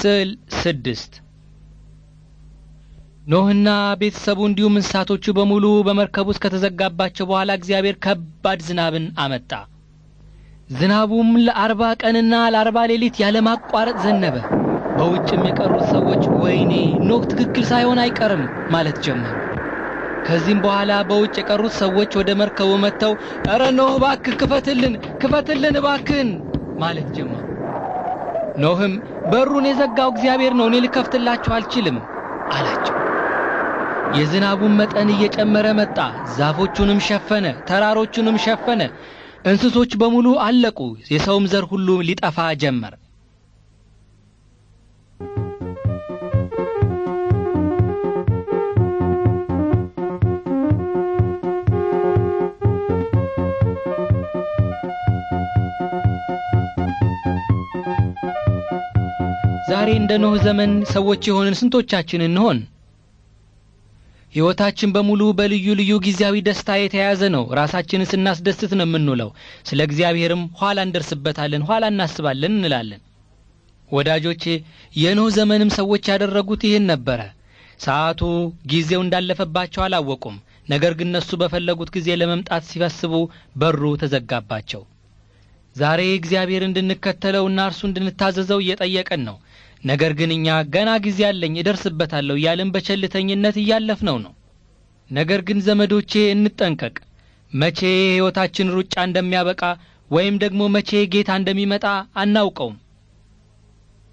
ስዕል ስድስት ኖህና ቤተሰቡ እንዲሁም እንስሳቶቹ በሙሉ በመርከብ ውስጥ ከተዘጋባቸው በኋላ እግዚአብሔር ከባድ ዝናብን አመጣ ዝናቡም ለአርባ ቀንና ለአርባ ሌሊት ያለማቋረጥ ዘነበ በውጭም የቀሩት ሰዎች ወይኔ ኖህ ትክክል ሳይሆን አይቀርም ማለት ጀመሩ ከዚህም በኋላ በውጭ የቀሩት ሰዎች ወደ መርከቡ መጥተው እረ ኖህ እባክህ ክፈትልን ክፈትልን እባክህን ማለት ጀመሩ ኖህም በሩን የዘጋው እግዚአብሔር ነው፣ እኔ ልከፍትላችሁ አልችልም አላቸው። የዝናቡን መጠን እየጨመረ መጣ። ዛፎቹንም ሸፈነ፣ ተራሮቹንም ሸፈነ። እንስሶች በሙሉ አለቁ፣ የሰውም ዘር ሁሉ ሊጠፋ ጀመር። ዛሬ እንደ ኖህ ዘመን ሰዎች የሆንን ስንቶቻችን እንሆን? ሕይወታችን በሙሉ በልዩ ልዩ ጊዜያዊ ደስታ የተያያዘ ነው። ራሳችንን ስናስደስት ነው የምንውለው። ስለ እግዚአብሔርም ኋላ እንደርስበታለን፣ ኋላ እናስባለን እንላለን። ወዳጆቼ የኖህ ዘመንም ሰዎች ያደረጉት ይህን ነበረ። ሰዓቱ ጊዜው እንዳለፈባቸው አላወቁም። ነገር ግን እነሱ በፈለጉት ጊዜ ለመምጣት ሲፈስቡ በሩ ተዘጋባቸው። ዛሬ እግዚአብሔር እንድንከተለውና እርሱ እንድንታዘዘው እየጠየቀን ነው። ነገር ግን እኛ ገና ጊዜ አለኝ እደርስበታለሁ እያልን በቸልተኝነት እያለፍነው ነው። ነገር ግን ዘመዶቼ እንጠንቀቅ። መቼ የሕይወታችን ሩጫ እንደሚያበቃ ወይም ደግሞ መቼ ጌታ እንደሚመጣ አናውቀውም።